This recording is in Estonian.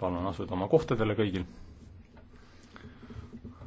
palun asuda oma kohtadele kõigil.